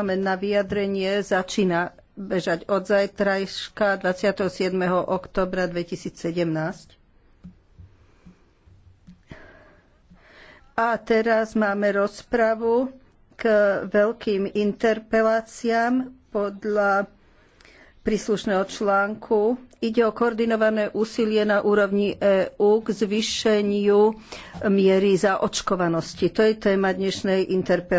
len na vyjadrenie začína bežať od zajtrajška 27. oktobra 2017. A teraz máme rozpravu k veľkým interpeláciám podľa príslušného článku. Ide o koordinované úsilie na úrovni EÚ k zvýšeniu miery zaočkovanosti. To je téma dnešnej interpelácie.